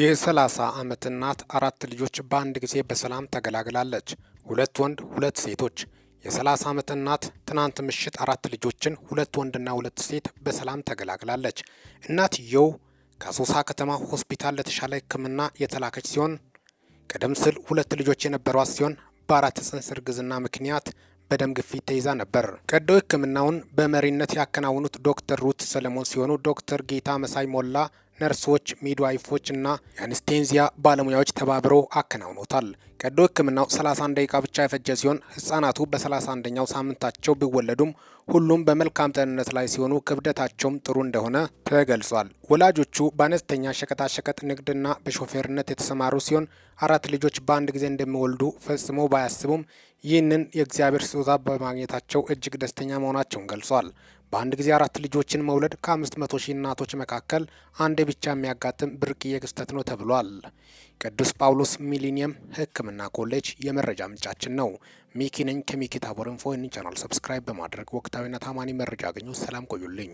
የሰላሳ ዓመት እናት አራት ልጆች በአንድ ጊዜ በሰላም ተገላግላለች። ሁለት ወንድ፣ ሁለት ሴቶች። የሰላሳ ዓመት እናት ትናንት ምሽት አራት ልጆችን ሁለት ወንድና ሁለት ሴት በሰላም ተገላግላለች። እናትየው ከሶሳ ከተማ ሆስፒታል ለተሻለ ሕክምና የተላከች ሲሆን ቀደም ሲል ሁለት ልጆች የነበሯት ሲሆን በአራት ጽንስ እርግዝና ምክንያት በደም ግፊት ተይዛ ነበር። ቀዶ ሕክምናውን በመሪነት ያከናውኑት ዶክተር ሩት ሰለሞን ሲሆኑ ዶክተር ጌታ መሳይ ሞላ ነርሶች፣ ሚድዋይፎች እና የአንስቴንዚያ ባለሙያዎች ተባብረው አከናውኖታል። ቀዶ ሕክምናው 31 ደቂቃ ብቻ የፈጀ ሲሆን ህጻናቱ በ31ኛው ሳምንታቸው ቢወለዱም ሁሉም በመልካም ጤንነት ላይ ሲሆኑ ክብደታቸውም ጥሩ እንደሆነ ተገልጿል። ወላጆቹ በአነስተኛ ሸቀጣሸቀጥ ንግድና በሾፌርነት የተሰማሩ ሲሆን አራት ልጆች በአንድ ጊዜ እንደሚወልዱ ፈጽሞ ባያስቡም ይህንን የእግዚአብሔር ስጦታ በማግኘታቸው እጅግ ደስተኛ መሆናቸውን ገልጿል። በአንድ ጊዜ አራት ልጆችን መውለድ ከ500 ሺህ እናቶች መካከል አንድ ብቻ የሚያጋጥም ብርቅዬ ክስተት ነው ተብሏል። ቅዱስ ጳውሎስ ሚሊኒየም ህክምና ተቋምና ኮሌጅ የመረጃ ምንጫችን ነው። ሚኪ ነኝ ከሚኪ ታቦር ኢንፎ። ቻናል ሰብስክራይብ በማድረግ ወቅታዊና ታማኒ መረጃ ያገኙ። ሰላም ቆዩልኝ።